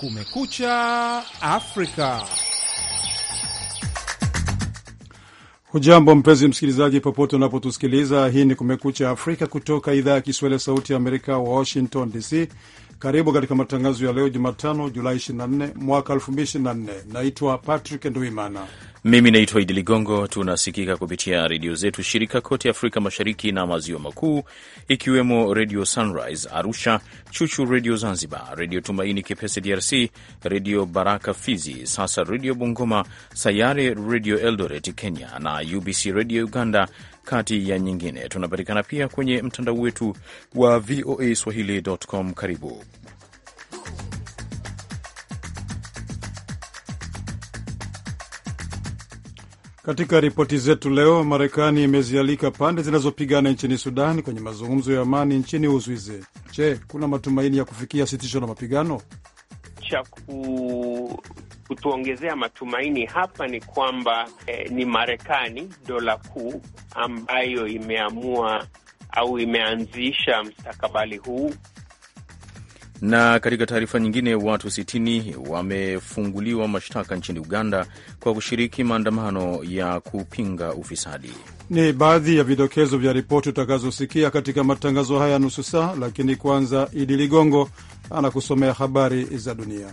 Kumekucha Afrika. Hujambo mpenzi msikilizaji, popote unapotusikiliza. Hii ni Kumekucha Afrika kutoka idhaa ya Kiswahili ya Sauti ya Amerika, Washington DC. Karibu katika matangazo ya leo Jumatano, Julai 24 mwaka 2024. Naitwa Patrick Nduimana mimi naitwa Idi Ligongo. Tunasikika kupitia redio zetu shirika kote Afrika Mashariki na Maziwa Makuu, ikiwemo Redio Sunrise Arusha, Chuchu Redio Zanzibar, Redio Tumaini Kipese DRC, Redio Baraka Fizi, Sasa Redio Bungoma, Sayare Redio Eldoret Kenya na UBC Redio Uganda, kati ya nyingine. Tunapatikana pia kwenye mtandao wetu wa VOA Swahili.com. Karibu. Katika ripoti zetu leo, Marekani imezialika pande zinazopigana nchini sudan kwenye mazungumzo ya amani nchini Uswizi. Je, kuna matumaini ya kufikia sitisho la mapigano? cha kutuongezea matumaini hapa ni kwamba eh, ni Marekani dola kuu ambayo imeamua au imeanzisha mstakabali huu na katika taarifa nyingine, watu 60 wamefunguliwa mashtaka nchini Uganda kwa kushiriki maandamano ya kupinga ufisadi. Ni baadhi ya vidokezo vya ripoti utakazosikia katika matangazo haya nusu saa, lakini kwanza Idi Ligongo anakusomea habari za dunia.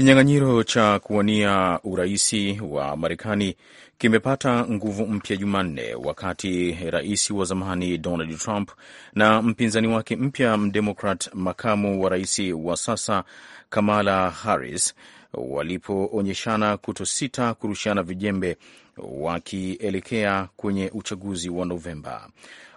Kinyang'anyiro cha kuwania uraisi wa Marekani kimepata nguvu mpya Jumanne wakati rais wa zamani Donald Trump na mpinzani wake mpya mdemokrat, makamu wa rais wa sasa Kamala Harris walipoonyeshana kutosita kurushana vijembe wakielekea kwenye uchaguzi wa Novemba.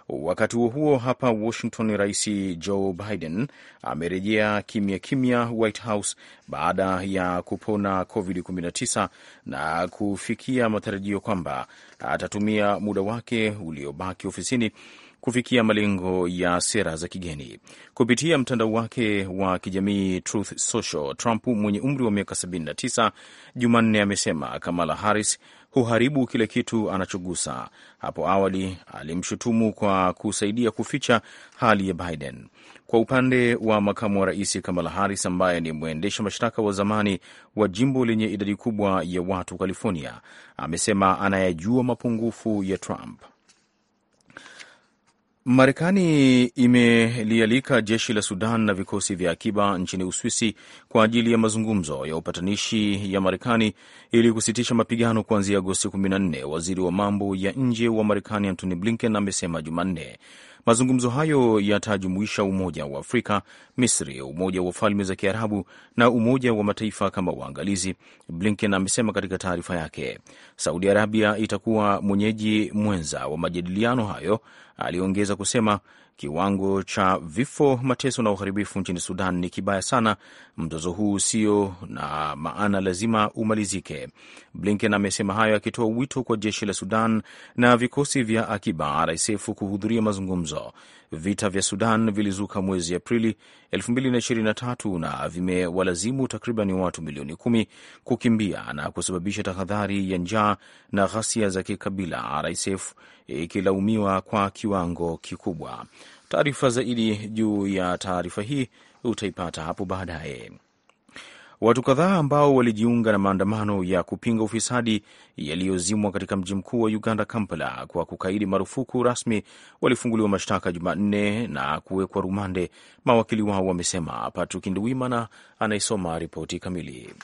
Wakati huo huo, hapa Washington, Rais Joe Biden amerejea kimya kimya White House baada ya kupona COVID-19 na kufikia matarajio kwamba atatumia muda wake uliobaki ofisini kufikia malengo ya sera za kigeni. Kupitia mtandao wake wa kijamii Truth Social, Trump mwenye umri wa miaka 79 Jumanne amesema Kamala Harris huharibu kile kitu anachogusa. Hapo awali alimshutumu kwa kusaidia kuficha hali ya Biden. Kwa upande wa makamu wa rais Kamala Harris, ambaye ni mwendesha mashtaka wa zamani wa jimbo lenye idadi kubwa ya watu California, amesema anayajua mapungufu ya Trump. Marekani imelialika jeshi la Sudan na vikosi vya akiba nchini Uswisi kwa ajili ya mazungumzo ya upatanishi ya Marekani ili kusitisha mapigano kuanzia Agosti 14, waziri wa mambo ya nje wa Marekani Antony Blinken amesema Jumanne. Mazungumzo hayo yatajumuisha Umoja wa Afrika, Misri, Umoja wa Falme za Kiarabu na Umoja wa Mataifa kama waangalizi, Blinken amesema katika taarifa yake. Saudi Arabia itakuwa mwenyeji mwenza wa majadiliano hayo, aliongeza kusema. Kiwango cha vifo, mateso na uharibifu nchini Sudan ni kibaya sana. Mzozo huu usio na maana lazima umalizike. Blinken amesema hayo akitoa wito kwa jeshi la Sudan na vikosi vya akiba RSF kuhudhuria mazungumzo. Vita vya Sudan vilizuka mwezi Aprili 2023 na vimewalazimu takriban watu milioni kumi kukimbia na kusababisha tahadhari ya njaa na ghasia za kikabila, RSF ikilaumiwa kwa kiwango kikubwa. Taarifa zaidi juu ya taarifa hii utaipata hapo baadaye. Watu kadhaa ambao walijiunga na maandamano ya kupinga ufisadi yaliyozimwa katika mji mkuu wa Uganda, Kampala, kwa kukaidi marufuku rasmi walifunguliwa mashtaka Jumanne na kuwekwa rumande, mawakili wao wamesema. Patrick Ndwimana anayesoma ripoti kamili.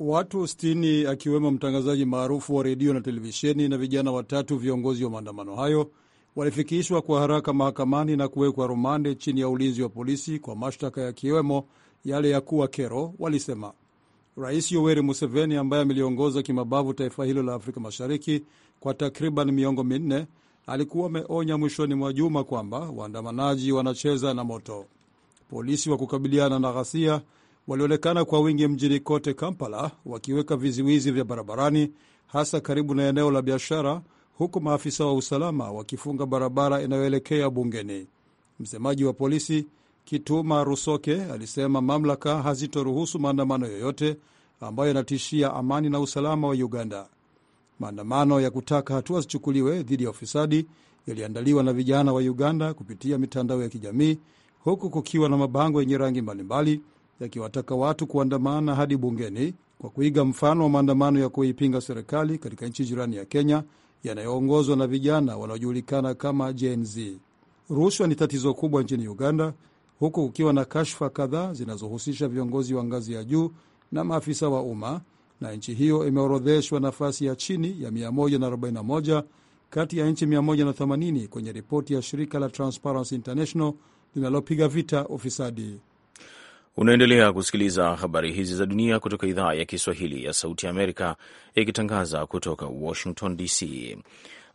Watu sitini akiwemo mtangazaji maarufu wa redio na televisheni na vijana watatu viongozi wa maandamano hayo walifikishwa kwa haraka mahakamani na kuwekwa rumande chini ya ulinzi wa polisi kwa mashtaka yakiwemo yale ya kuwa kero, walisema. Rais Yoweri Museveni ambaye ameliongoza kimabavu taifa hilo la Afrika Mashariki kwa takriban miongo minne alikuwa ameonya mwishoni mwa juma kwamba waandamanaji wanacheza na moto. Polisi wa kukabiliana na ghasia walionekana kwa wingi mjini kote Kampala, wakiweka vizuizi vya barabarani, hasa karibu na eneo la biashara, huku maafisa wa usalama wakifunga barabara inayoelekea bungeni. Msemaji wa polisi Kituma Rusoke alisema mamlaka hazitoruhusu maandamano yoyote ambayo yanatishia amani na usalama wa Uganda. Maandamano ya kutaka hatua zichukuliwe dhidi ya ufisadi yaliandaliwa na vijana wa Uganda kupitia mitandao ya kijamii, huku kukiwa na mabango yenye rangi mbalimbali yakiwataka watu kuandamana hadi bungeni kwa kuiga mfano wa maandamano ya kuipinga serikali katika nchi jirani ya Kenya yanayoongozwa na vijana wanaojulikana kama Gen Z. Rushwa ni tatizo kubwa nchini Uganda huku kukiwa na kashfa kadhaa zinazohusisha viongozi wa ngazi ya juu na maafisa wa umma, na nchi hiyo imeorodheshwa nafasi ya chini ya 141 kati ya nchi 180 kwenye ripoti ya shirika la Transparency International linalopiga vita ufisadi. Unaendelea kusikiliza habari hizi za dunia kutoka idhaa ya Kiswahili ya Sauti ya Amerika, ikitangaza kutoka Washington DC.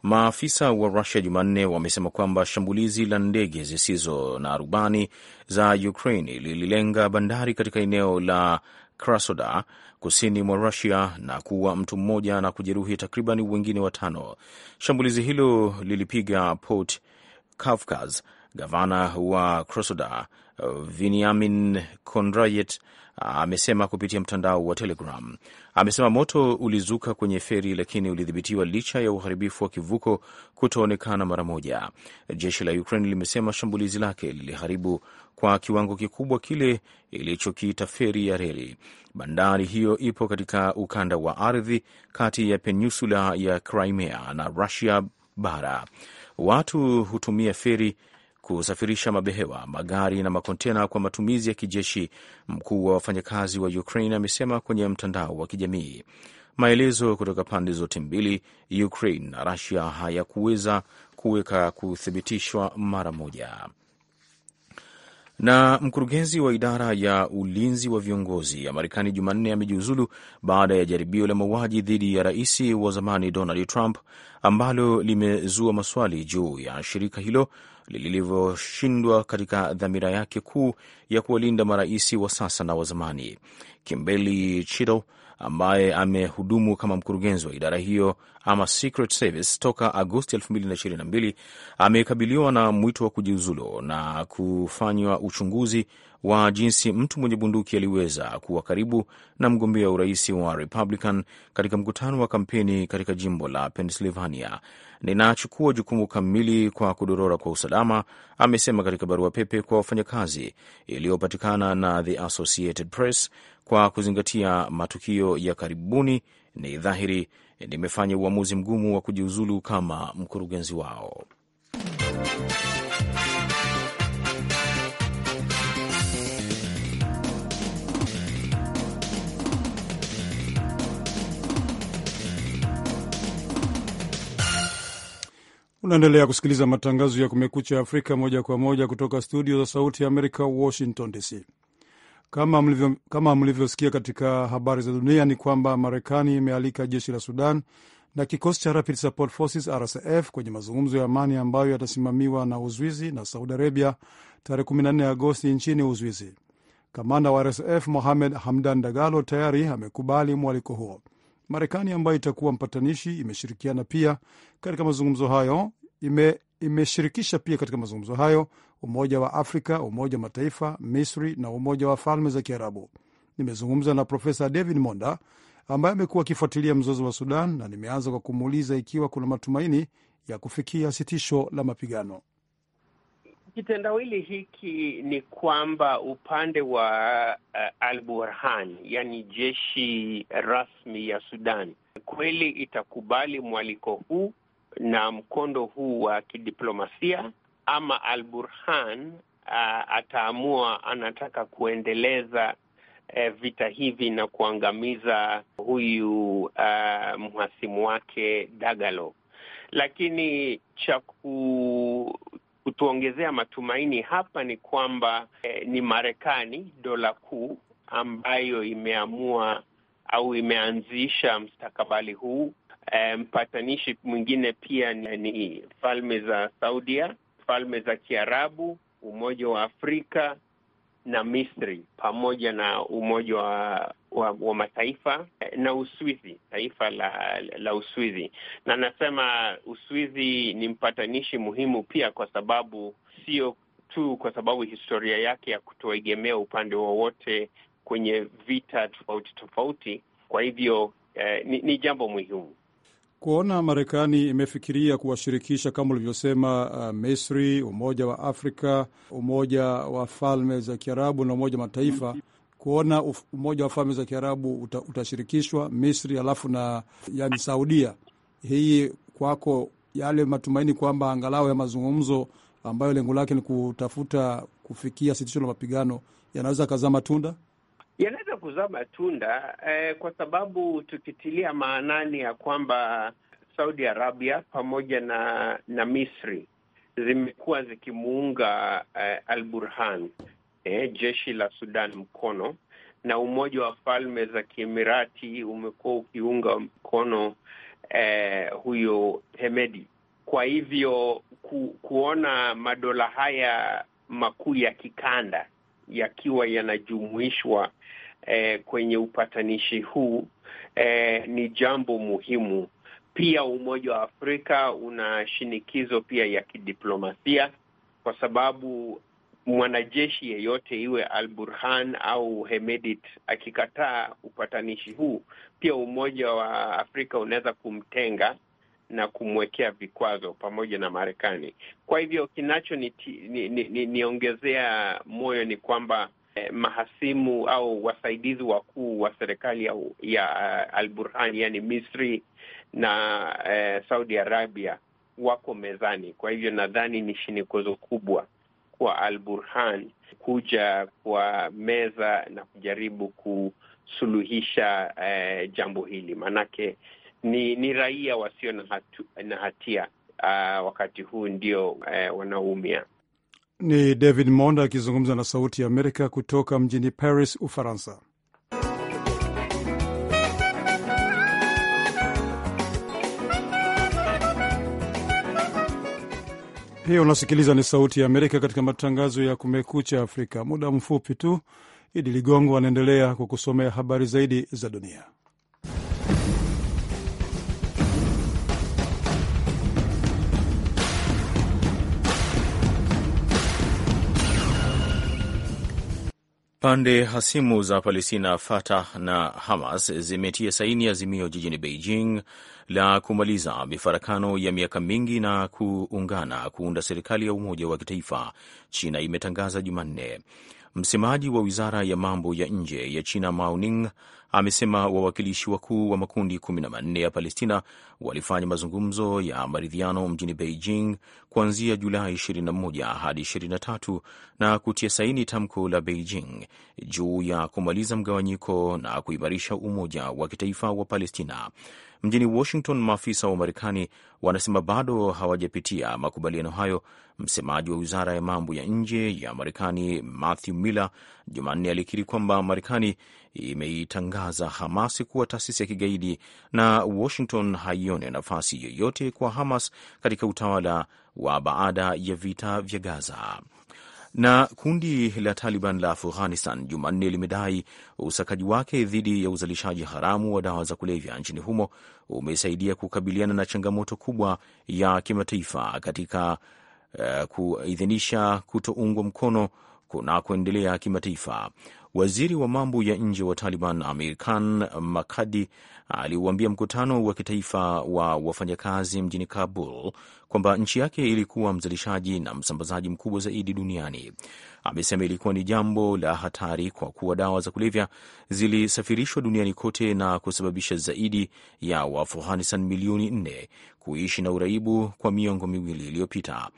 Maafisa wa Rusia Jumanne wamesema kwamba shambulizi la ndege zisizo na rubani za Ukraine lililenga bandari katika eneo la krasoda kusini mwa Rusia na kuua mtu mmoja na kujeruhi takriban wengine watano. Shambulizi hilo lilipiga Port Kavkaz. Gavana wa Krasnodar Veniamin Kondrayet amesema kupitia mtandao wa Telegram. Amesema moto ulizuka kwenye feri, lakini ulidhibitiwa licha ya uharibifu wa kivuko kutoonekana mara moja. Jeshi la Ukraine limesema shambulizi lake liliharibu kwa kiwango kikubwa kile ilichokiita feri ya reli. Bandari hiyo ipo katika ukanda wa ardhi kati ya peninsula ya Crimea na Russia bara. Watu hutumia feri kusafirisha mabehewa, magari na makontena kwa matumizi ya kijeshi. Mkuu wa wafanyakazi wa Ukraine amesema kwenye mtandao wa kijamii. Maelezo kutoka pande zote mbili, Ukraine na Russia, hayakuweza kuweka kuthibitishwa mara moja. Na mkurugenzi wa idara ya ulinzi wa viongozi ya Marekani Jumanne amejiuzulu baada ya jaribio la mauaji dhidi ya rais wa zamani Donald Trump ambalo limezua maswali juu ya shirika hilo lilivyoshindwa katika dhamira yake kuu ya kuwalinda marais wa sasa na wa zamani. Kimbeli Chito ambaye amehudumu kama mkurugenzi wa idara hiyo ama Secret Service toka Agosti 2022 amekabiliwa na mwito wa kujiuzulu na kufanywa uchunguzi wa jinsi mtu mwenye bunduki aliweza kuwa karibu na mgombea urais wa Republican katika mkutano wa kampeni katika jimbo la Pennsylvania. Ninachukua jukumu kamili kwa kudorora kwa usalama, amesema katika barua pepe kwa wafanyakazi iliyopatikana na The Associated Press. Kwa kuzingatia matukio ya karibuni, ni dhahiri nimefanya uamuzi mgumu wa kujiuzulu kama mkurugenzi wao. Unaendelea kusikiliza matangazo ya Kumekucha Afrika moja kwa moja kutoka studio za Sauti ya Amerika, Washington DC. Kama mlivyosikia katika habari za dunia, ni kwamba Marekani imealika jeshi la Sudan na kikosi cha Rapid Support Forces RSF kwenye mazungumzo ya amani ambayo yatasimamiwa na uzwizi na Saudi Arabia tarehe 14 Agosti nchini uzwizi Kamanda wa RSF Mohamed Hamdan Dagalo tayari amekubali mwaliko huo. Marekani ambayo itakuwa mpatanishi imeshirikiana pia katika mazungumzo hayo ime, imeshirikisha pia katika mazungumzo hayo Umoja wa Afrika, Umoja wa Mataifa, Misri na Umoja wa Falme za Kiarabu. Nimezungumza na Profesa David Monda ambaye amekuwa akifuatilia mzozo wa Sudan na nimeanza kwa kumuuliza ikiwa kuna matumaini ya kufikia sitisho la mapigano kitendawili hiki ni kwamba upande wa uh, eh, Al Burhan, yani jeshi rasmi ya Sudan, kweli itakubali mwaliko huu na mkondo huu wa kidiplomasia ama Al Burhan uh, eh, ataamua anataka kuendeleza uh, vita hivi na kuangamiza huyu uh, mhasimu wake Dagalo, lakini cha ku kutuongezea matumaini hapa ni kwamba eh, ni Marekani dola kuu ambayo imeamua au imeanzisha mstakabali huu. Eh, mpatanishi mwingine pia ni, ni falme za Saudia, falme za Kiarabu, Umoja wa Afrika na Misri pamoja na Umoja wa wa, wa mataifa eh, na Uswizi, taifa la, la Uswizi. Na nasema Uswizi ni mpatanishi muhimu pia kwa sababu sio tu kwa sababu historia yake ya kutoegemea upande wowote kwenye vita tofauti tofauti. Kwa hivyo eh, ni, ni jambo muhimu kuona Marekani imefikiria kuwashirikisha kama ulivyosema, uh, Misri, Umoja wa Afrika, Umoja wa Falme za Kiarabu na Umoja wa Mataifa kuona Umoja wa Falme za Kiarabu uta, utashirikishwa Misri alafu na yani Saudia. Hii kwako yale matumaini kwamba angalau ya mazungumzo ambayo lengo lake ni kutafuta kufikia sitisho la mapigano yanaweza kazaa matunda yanaweza kuzaa matunda eh, kwa sababu tukitilia maanani ya kwamba Saudi Arabia pamoja na na Misri zimekuwa zikimuunga eh, Al Burhan eh, jeshi la Sudan mkono na Umoja wa Falme za Kiemirati umekuwa ukiunga mkono eh, huyo Hemedi. Kwa hivyo ku, kuona madola haya makuu ya kikanda yakiwa yanajumuishwa eh, kwenye upatanishi huu eh, ni jambo muhimu. Pia Umoja wa Afrika una shinikizo pia ya kidiplomasia kwa sababu mwanajeshi yeyote iwe Al Burhan au Hemedit akikataa upatanishi huu, pia Umoja wa Afrika unaweza kumtenga na kumwekea vikwazo pamoja na Marekani. Kwa hivyo niongezea ni, ni, ni moyo ni kwamba eh, mahasimu au wasaidizi wakuu wa serikali ya, ya eh, Al Burhan yani Misri na eh, Saudi Arabia wako mezani. Kwa hivyo nadhani ni shinikizo kubwa kwa Al Burhan kuja kwa meza na kujaribu kusuluhisha eh, jambo hili, maanake ni ni raia wasio na, hatu, na hatia uh, wakati huu ndio eh, wanaoumia. Ni David Monda akizungumza na Sauti ya Amerika kutoka mjini Paris, Ufaransa. Hiyo unasikiliza ni Sauti ya Amerika katika matangazo ya Kumekucha Afrika. Muda mfupi tu, Idi Ligongo anaendelea kukusomea habari zaidi za dunia. Pande hasimu za Palestina, Fatah na Hamas zimetia saini azimio jijini Beijing la kumaliza mifarakano ya miaka mingi na kuungana kuunda serikali ya umoja wa kitaifa, China imetangaza Jumanne. Msemaji wa wizara ya mambo ya nje ya China Mao Ning amesema wawakilishi wakuu wa makundi 1 ya Palestina walifanya mazungumzo ya maridhiano mjini Beijing kuanzia Julai 21 hadi 23 na kutia saini tamko la Beijing juu ya kumaliza mgawanyiko na kuimarisha umoja wa kitaifa wa Palestina. Mjini Washington, maafisa wa Marekani wanasema bado hawajapitia makubaliano hayo. Msemaji wa wizara ya mambo ya nje ya Marekani Matthew Miller Jumanne alikiri kwamba Marekani imeitangaza hamas kuwa taasisi ya kigaidi na Washington haione nafasi yoyote kwa Hamas katika utawala wa baada ya vita vya Gaza. Na kundi la Taliban la Afghanistan Jumanne limedai usakaji wake dhidi ya uzalishaji haramu wa dawa za kulevya nchini humo umesaidia kukabiliana na changamoto kubwa ya kimataifa katika uh, kuidhinisha kutoungwa mkono kuna kuendelea kimataifa. Waziri wa mambo ya nje wa Taliban Amir Khan Makadi aliuambia mkutano wa kitaifa wa wafanyakazi mjini Kabul kwamba nchi yake ilikuwa mzalishaji na msambazaji mkubwa zaidi duniani. Amesema ilikuwa ni jambo la hatari kwa kuwa dawa za kulevya zilisafirishwa duniani kote na kusababisha zaidi ya Waafghanistan milioni nne kuishi na uraibu kwa miongo miwili iliyopita.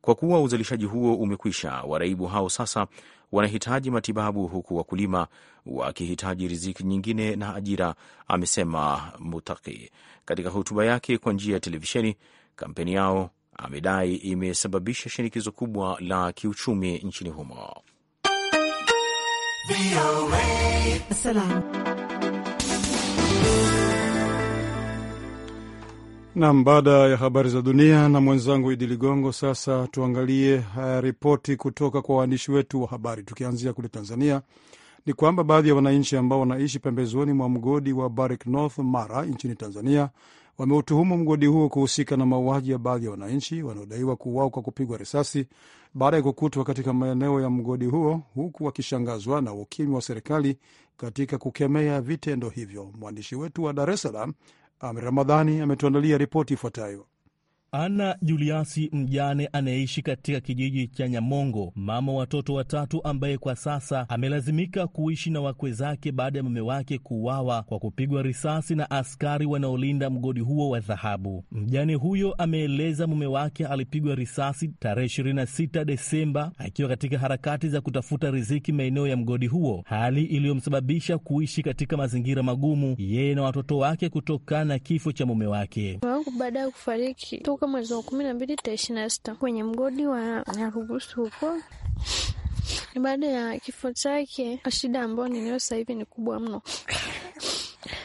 Kwa kuwa uzalishaji huo umekwisha, waraibu hao sasa wanahitaji matibabu, huku wakulima wakihitaji riziki nyingine na ajira, amesema Mutaki katika hotuba yake kwa njia ya televisheni. Kampeni yao amedai imesababisha shinikizo kubwa la kiuchumi nchini humo. Nam, baada ya habari za dunia na mwenzangu Idi Ligongo, sasa tuangalie haya eh, ripoti kutoka kwa waandishi wetu wa habari. Tukianzia kule Tanzania, ni kwamba baadhi ya wananchi ambao wanaishi pembezoni mwa mgodi wa Barrick North Mara nchini Tanzania wameutuhumu mgodi huo kuhusika na mauaji ya baadhi ya wananchi wanaodaiwa kuuawa kwa kupigwa risasi baada ya kukutwa katika maeneo ya mgodi huo, huku wakishangazwa na ukimya wa serikali katika kukemea vitendo hivyo. Mwandishi wetu wa Dar es Salaam Amir Ramadhani ametuandalia ripoti ifuatayo. Ana Juliasi, mjane anayeishi katika kijiji cha Nyamongo, mama watoto watatu, ambaye kwa sasa amelazimika kuishi na wakwe zake baada ya mume wake kuuawa kwa kupigwa risasi na askari wanaolinda mgodi huo wa dhahabu. Mjane huyo ameeleza mume wake alipigwa risasi tarehe 26 Desemba akiwa katika harakati za kutafuta riziki maeneo ya mgodi huo, hali iliyomsababisha kuishi katika mazingira magumu yeye na watoto wake kutokana na kifo cha mume wake. Baada ya kufariki kutoka mwezi wa kumi na mbili ta ishirini na sita kwenye mgodi wa Nyarugusu huko baada ya kifo chake, shida ambayo ninayo sasa hivi ni kubwa mno.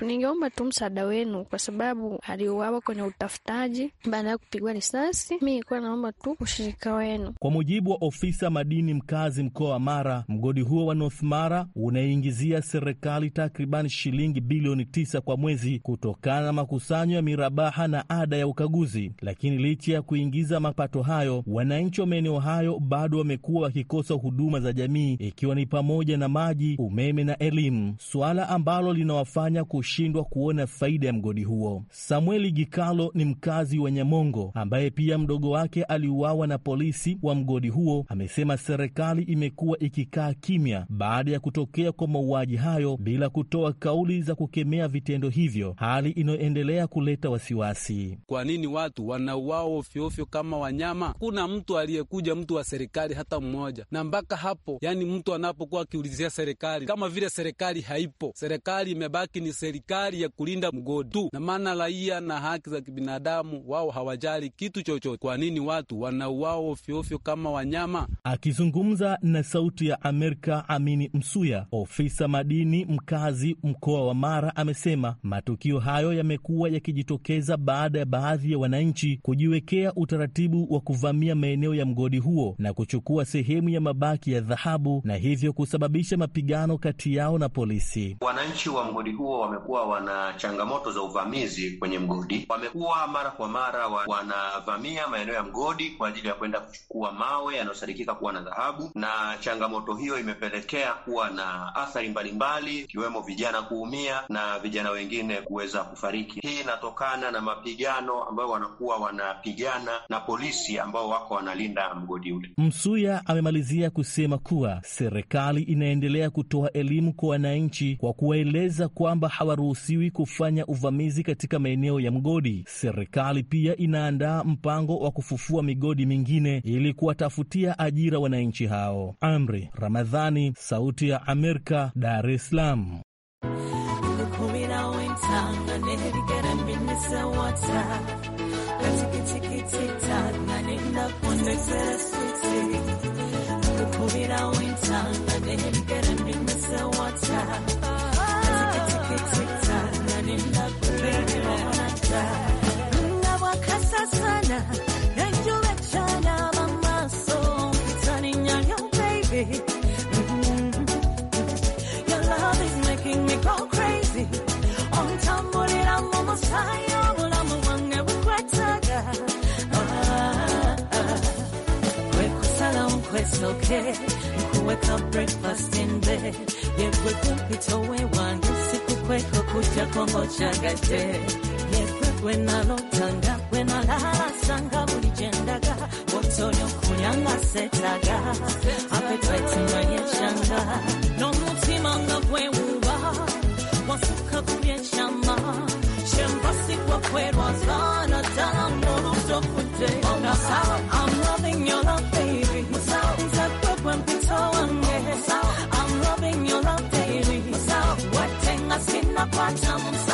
Ningeomba tu msaada wenu, kwa sababu aliuawa kwenye utafutaji baada ya kupigwa risasi. mi ikuwa naomba tu ushirika wenu. Kwa mujibu wa ofisa madini mkazi mkoa wa Mara, mgodi huo wa North Mara unaingizia serikali takriban shilingi bilioni tisa kwa mwezi kutokana na makusanyo ya mirabaha na ada ya ukaguzi. Lakini licha ya kuingiza mapato hayo, wananchi wa maeneo hayo bado wamekuwa wakikosa huduma za jamii, ikiwa ni pamoja na maji, umeme na elimu, suala ambalo linawafanya kushindwa kuona faida ya mgodi huo. Samueli Gikalo ni mkazi wa Nyamongo ambaye pia mdogo wake aliuawa na polisi wa mgodi huo. Amesema serikali imekuwa ikikaa kimya baada ya kutokea kwa mauaji hayo bila kutoa kauli za kukemea vitendo hivyo, hali inayoendelea kuleta wasiwasi. Kwa nini watu wanauawa ofyoofyo kama wanyama? Kuna mtu aliyekuja mtu wa serikali hata mmoja? Na mpaka hapo, yani mtu anapokuwa akiulizia serikali kama vile serikali haipo, serikali imebaki ni serikali ya kulinda mgodi tu, na maana raia na haki za kibinadamu wao hawajali kitu chochote. Kwa nini watu wanauao ofyoofyo kama wanyama? Akizungumza na Sauti ya Amerika, Amini Msuya, ofisa madini mkazi mkoa wa Mara, amesema matukio hayo yamekuwa yakijitokeza baada ya baadhi ya wananchi kujiwekea utaratibu wa kuvamia maeneo ya mgodi huo na kuchukua sehemu ya mabaki ya dhahabu na hivyo kusababisha mapigano kati yao na polisi. Wananchi wa mgodi huo wamekuwa wana changamoto za uvamizi kwenye mgodi. Wamekuwa mara kwa mara wanavamia maeneo ya mgodi kwa ajili ya kwenda kuchukua mawe yanayosadikika kuwa na dhahabu, na changamoto hiyo imepelekea kuwa na athari mbalimbali, ikiwemo vijana kuumia na vijana wengine kuweza kufariki. Hii inatokana na mapigano ambayo wanakuwa wanapigana na polisi ambao wako wanalinda mgodi ule. Msuya amemalizia kusema kuwa serikali inaendelea kutoa elimu kwa wananchi kwa kuwaeleza kwamba hawaruhusiwi kufanya uvamizi katika maeneo ya mgodi. Serikali pia inaandaa mpango wa kufufua migodi mingine ili kuwatafutia ajira wananchi hao. Amri Ramadhani, Sauti ya Amerika, Dar es Salaam. okay. up breakfast in bed yekwe kumpitowe wangu siku kweko kucha kombo chagate yekwe kwenalo tanga kwenalala sanga bulijendaga wotonyo kunyanga setaga apetweti mwenye changa nomutima ngabwewuba wasuka kulye chama shembasikwa kwerwazana tala mnoluto kutenga I'm loving your love, baby. want someone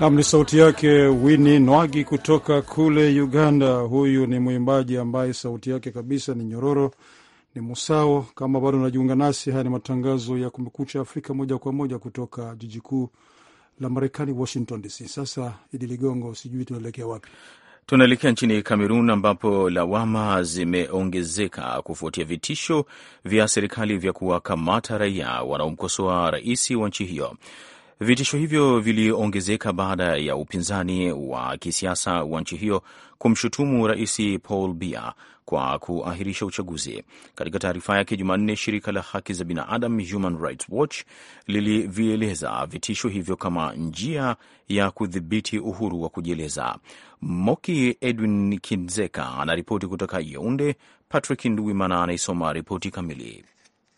Nam ni sauti yake wini Nwagi kutoka kule Uganda. Huyu ni mwimbaji ambaye sauti yake kabisa ni nyororo, ni musao. Kama bado unajiunga nasi, haya ni matangazo ya Kumekucha Afrika moja kwa moja kutoka jiji kuu la Marekani, Washington DC. Sasa Idi Ligongo, sijui tunaelekea wapi? Tunaelekea nchini Kamerun ambapo lawama zimeongezeka kufuatia vitisho vya serikali vya kuwakamata raia wanaomkosoa rais wa nchi hiyo. Vitisho hivyo viliongezeka baada ya upinzani wa kisiasa wa nchi hiyo kumshutumu Rais Paul bia kwa kuahirisha uchaguzi. Katika taarifa yake Jumanne, shirika la haki za binadamu Human Rights Watch lilivieleza vitisho hivyo kama njia ya kudhibiti uhuru wa kujieleza. Moki Edwin Kinzeka anaripoti kutoka Yeunde. Patrick Nduwimana anaisoma ripoti kamili.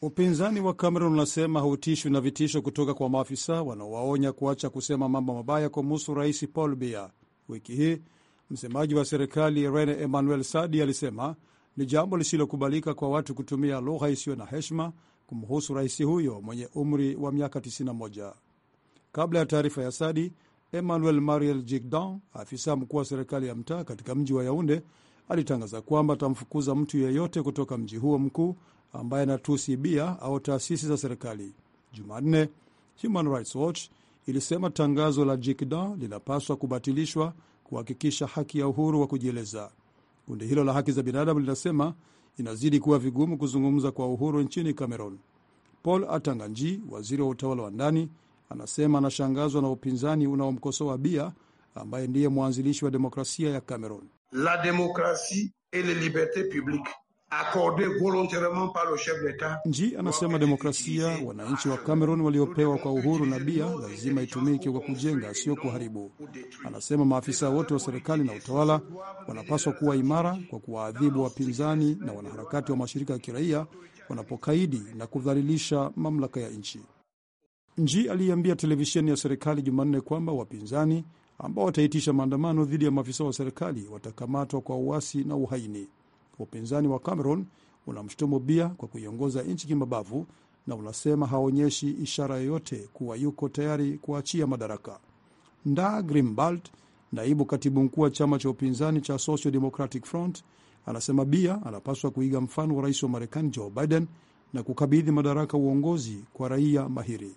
Upinzani wa Cameron unasema hautishwi na vitisho kutoka kwa maafisa wanaowaonya kuacha kusema mambo mabaya kumhusu Rais Paul Bia. Wiki hii Msemaji wa serikali Rene Emmanuel Sadi alisema ni jambo lisilokubalika kwa watu kutumia lugha isiyo na heshima kumhusu rais huyo mwenye umri wa miaka 91. Kabla ya taarifa ya Sadi, Emmanuel Mariel Jigdan, afisa mkuu wa serikali ya mtaa katika mji wa Yaunde, alitangaza kwamba atamfukuza mtu yeyote kutoka mji huo mkuu ambaye anatusi bia au taasisi za serikali. Jumanne, Human Rights Watch ilisema tangazo la Jigdan linapaswa kubatilishwa kuhakikisha haki ya uhuru wa kujieleza. Kundi hilo la haki za binadamu linasema inazidi kuwa vigumu kuzungumza kwa uhuru nchini Cameroon. Paul Atanganji, waziri wa utawala wa ndani, anasema anashangazwa na upinzani unaomkosoa bia ambaye ndiye mwanzilishi wa demokrasia ya Cameroon. La demokrasi et les libertes publiques accordée volontairement par le chef d'État. Nji anasema demokrasia wananchi wa Cameroon waliopewa kwa uhuru na bia lazima itumike kwa kujenga, sio kuharibu. Anasema maafisa wote wa serikali na utawala wanapaswa kuwa imara kwa kuwaadhibu wapinzani na wanaharakati wa mashirika ya kiraia wanapokaidi na kudhalilisha mamlaka ya nchi. Nji aliambia televisheni ya serikali Jumanne kwamba wapinzani ambao wataitisha maandamano dhidi ya maafisa wa serikali watakamatwa kwa uasi na uhaini upinzani wa Cameron unamshutumu Bia kwa kuiongoza nchi kimabavu na unasema haonyeshi ishara yoyote kuwa yuko tayari kuachia madaraka. Nda Grimbald, naibu katibu mkuu wa chama cha upinzani cha Social Democratic Front, anasema Bia anapaswa kuiga mfano wa rais wa Marekani Joe Biden na kukabidhi madaraka uongozi kwa raia mahiri.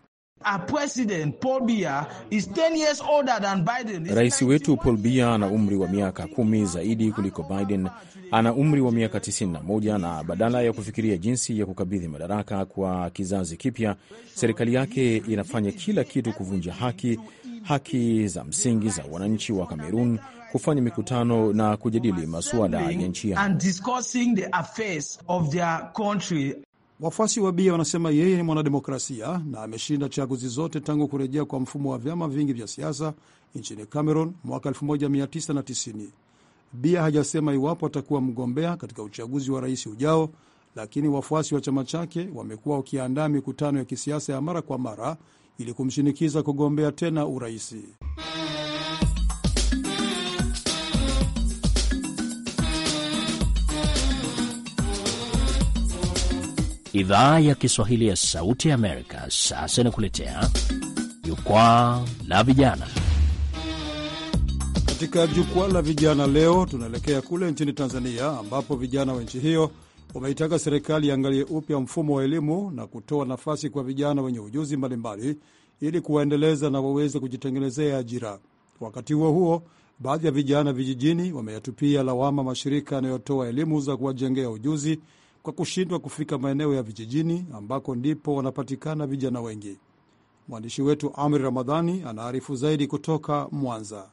Rais wetu Paul Bia ana umri wa miaka kumi zaidi kuliko Biden, ana umri wa miaka 91, na badala ya kufikiria jinsi ya kukabidhi madaraka kwa kizazi kipya, serikali yake inafanya kila kitu kuvunja haki haki za msingi za wananchi wa Kamerun kufanya mikutano na kujadili masuala ya nchi yao. Wafuasi wa Bia wanasema yeye ni mwanademokrasia na ameshinda chaguzi zote tangu kurejea kwa mfumo wa vyama vingi vya siasa nchini Cameron mwaka 1990. Bia hajasema iwapo atakuwa mgombea katika uchaguzi wa rais ujao, lakini wafuasi wa chama chake wamekuwa wakiandaa mikutano ya kisiasa ya mara kwa mara ili kumshinikiza kugombea tena uraisi. Idhaa ya Kiswahili ya Sauti ya Amerika sasa inakuletea jukwaa la vijana. Katika jukwaa la vijana leo, tunaelekea kule nchini Tanzania ambapo vijana wa nchi hiyo wameitaka serikali iangalie upya mfumo wa elimu na kutoa nafasi kwa vijana wenye ujuzi mbalimbali ili kuwaendeleza na waweze kujitengenezea ajira. Wakati huo huo, baadhi ya vijana vijijini wameyatupia lawama mashirika yanayotoa elimu za kuwajengea ujuzi kwa kushindwa kufika maeneo ya vijijini ambako ndipo wanapatikana vijana wengi. Mwandishi wetu Amri Ramadhani anaarifu zaidi kutoka Mwanza.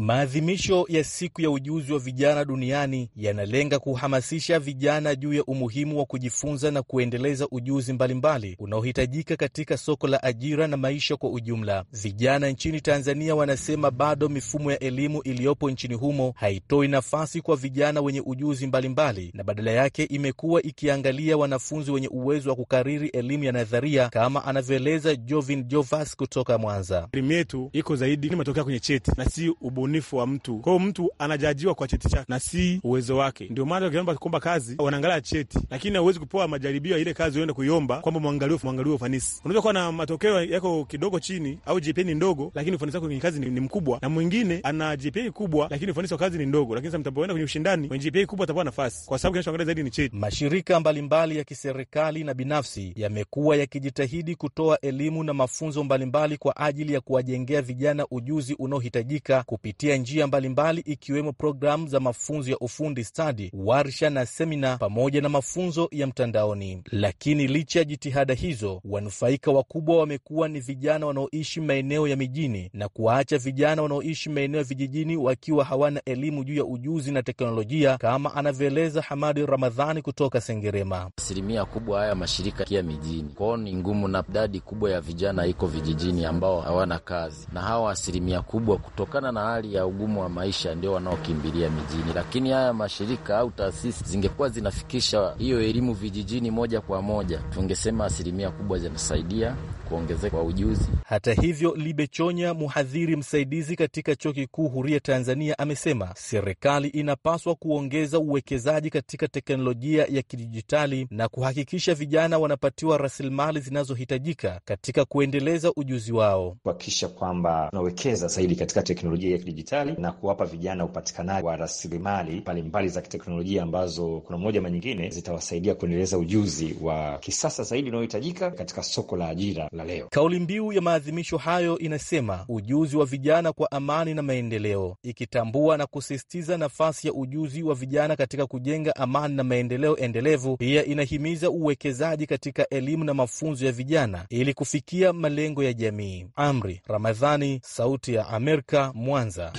Maadhimisho ya siku ya ujuzi wa vijana duniani yanalenga kuhamasisha vijana juu ya umuhimu wa kujifunza na kuendeleza ujuzi mbalimbali unaohitajika katika soko la ajira na maisha kwa ujumla. Vijana nchini Tanzania wanasema bado mifumo ya elimu iliyopo nchini humo haitoi nafasi kwa vijana wenye ujuzi mbalimbali mbali, na badala yake imekuwa ikiangalia wanafunzi wenye uwezo wa kukariri elimu ya nadharia kama anavyoeleza Jovin Jovas kutoka Mwanza. Elimu yetu iko zaidi ni matokeo kwenye cheti na si ubunifu wa mtu. Kwa hiyo mtu anajajiwa kwa cheti chake na si uwezo wake. Ndio maana wakiomba kuomba kazi wanaangalia cheti, lakini hauwezi kupewa majaribio ya ile kazi uenda kuiomba kwamba mwangaliwe mwangaliwe ufanisi. Unaweza kuwa na matokeo yako kidogo chini au GPA ni ndogo, lakini ufanisi wako kwenye kazi ni, ni mkubwa, na mwingine ana GPA kubwa, lakini ufanisi wa kazi ni ndogo. Lakini sasa mtapoenda kwenye ushindani, mwenye GPA kubwa atapewa nafasi, kwa sababu kinachoangalia zaidi ni cheti. Mashirika mbalimbali mbali ya kiserikali na binafsi yamekuwa yakijitahidi kutoa elimu na mafunzo mbalimbali mbali kwa ajili ya kuwajengea vijana ujuzi unaohitajika kupitia kupitia njia mbalimbali mbali ikiwemo programu za mafunzo ya ufundi stadi, warsha na semina pamoja na mafunzo ya mtandaoni. Lakini licha ya jitihada hizo, wanufaika wakubwa wamekuwa ni vijana wanaoishi maeneo ya mijini na kuwaacha vijana wanaoishi maeneo ya vijijini wakiwa hawana elimu juu ya ujuzi na teknolojia, kama anavyoeleza Hamadi Ramadhani kutoka Sengerema. Asilimia kubwa haya mashirika kia mijini kwao ni ngumu, na idadi kubwa ya vijana iko vijijini ambao hawana kazi, na hawa asilimia kubwa kutokana na hali hali ya ugumu wa maisha ndio wanaokimbilia mijini, lakini haya mashirika au taasisi zingekuwa zinafikisha hiyo elimu vijijini moja kwa moja, tungesema asilimia kubwa zinasaidia kuongezeka kwa ujuzi. Hata hivyo, Libechonya, mhadhiri msaidizi katika Chuo Kikuu Huria Tanzania, amesema serikali inapaswa kuongeza uwekezaji katika teknolojia ya kidijitali na kuhakikisha vijana wanapatiwa rasilimali zinazohitajika katika kuendeleza ujuzi wao, kuhakikisha kwamba unawekeza zaidi katika teknolojia kidijitali na kuwapa vijana upatikanaji wa rasilimali mbalimbali za kiteknolojia ambazo kuna moja ma nyingine zitawasaidia kuendeleza ujuzi wa kisasa zaidi unaohitajika katika soko la ajira la leo. Kauli mbiu ya maadhimisho hayo inasema ujuzi wa vijana kwa amani na maendeleo, ikitambua na kusisitiza nafasi ya ujuzi wa vijana katika kujenga amani na maendeleo endelevu. Pia inahimiza uwekezaji katika elimu na mafunzo ya vijana ili kufikia malengo ya jamii. Amri Ramadhani, Sauti ya Amerika, Mwanza. Uingereza.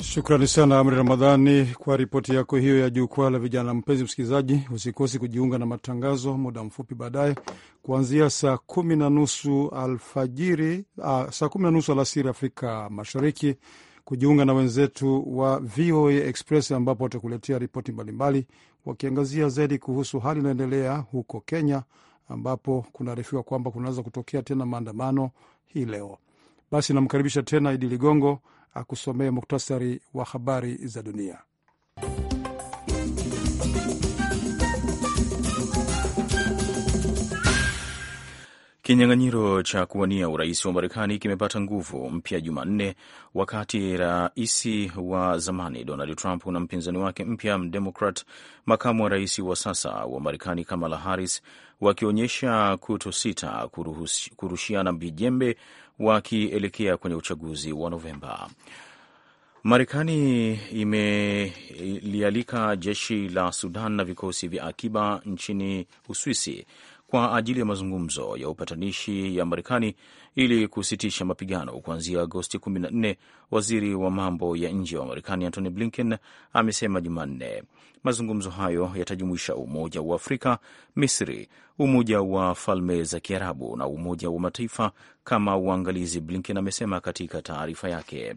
Shukrani sana Amri Ramadhani kwa ripoti yako hiyo ya jukwaa la vijana. Mpenzi msikilizaji, usikosi kujiunga na matangazo muda mfupi baadaye kuanzia saa kumi na nusu alfajiri, ah, saa kumi na nusu alasiri Afrika Mashariki, kujiunga na wenzetu wa VOA Express ambapo watakuletea ripoti mbalimbali wakiangazia zaidi kuhusu hali inayoendelea huko Kenya, ambapo kunaarifiwa kwamba kunaweza kutokea tena maandamano hii leo. Basi namkaribisha tena Idi Ligongo akusomee muktasari wa habari za dunia. Kinyang'anyiro cha kuwania urais wa Marekani kimepata nguvu mpya Jumanne, wakati rais wa zamani Donald Trump na mpinzani wake mpya Mdemokrat, makamu wa rais wa sasa wa Marekani Kamala Harris wakionyesha kutosita kurushiana vijembe wakielekea kwenye uchaguzi wa Novemba. Marekani imelialika jeshi la Sudan na vikosi vya akiba nchini Uswisi kwa ajili ya mazungumzo ya upatanishi ya Marekani ili kusitisha mapigano kuanzia Agosti 14, waziri wa mambo ya nje wa Marekani Antony Blinken amesema Jumanne. Mazungumzo hayo yatajumuisha Umoja wa Afrika, Misri, Umoja wa Falme za Kiarabu na Umoja wa Mataifa kama uangalizi, Blinken amesema katika taarifa yake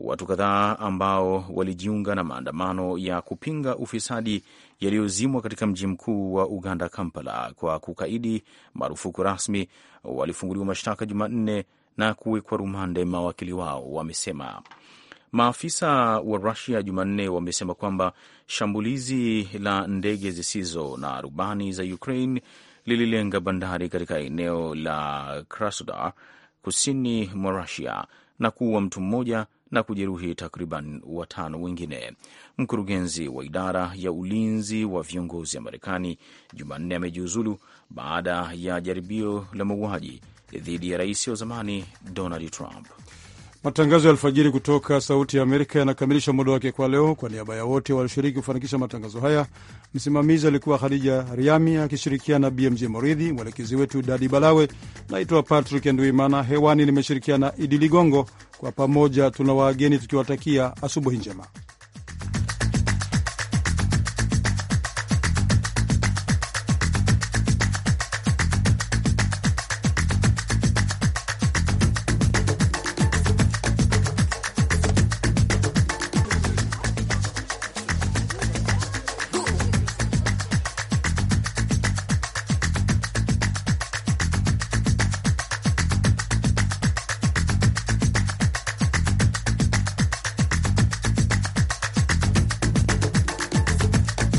watu kadhaa ambao walijiunga na maandamano ya kupinga ufisadi yaliyozimwa katika mji mkuu wa Uganda, Kampala, kwa kukaidi marufuku rasmi walifunguliwa mashtaka Jumanne na kuwekwa rumande, mawakili wao wamesema. Maafisa wa Rusia Jumanne wamesema kwamba shambulizi la ndege zisizo na rubani za Ukraine lililenga bandari katika eneo la Krasnodar kusini mwa Rusia na kuua mtu mmoja na kujeruhi takriban watano wengine. Mkurugenzi wa idara ya ulinzi wa viongozi ya Marekani Jumanne amejiuzulu baada ya jaribio la mauaji dhidi ya rais wa zamani Donald Trump. Matangazo ya alfajiri kutoka Sauti ya Amerika yanakamilisha muda wake kwa leo. Kwa niaba ya wote walioshiriki kufanikisha matangazo haya, msimamizi alikuwa Khadija Riami akishirikiana BMJ Moridhi, mwelekezi wetu Dadi Balawe. Naitwa Patrick Nduimana, hewani nimeshirikiana Idi Ligongo. Kwa pamoja tuna wageni tukiwatakia asubuhi njema.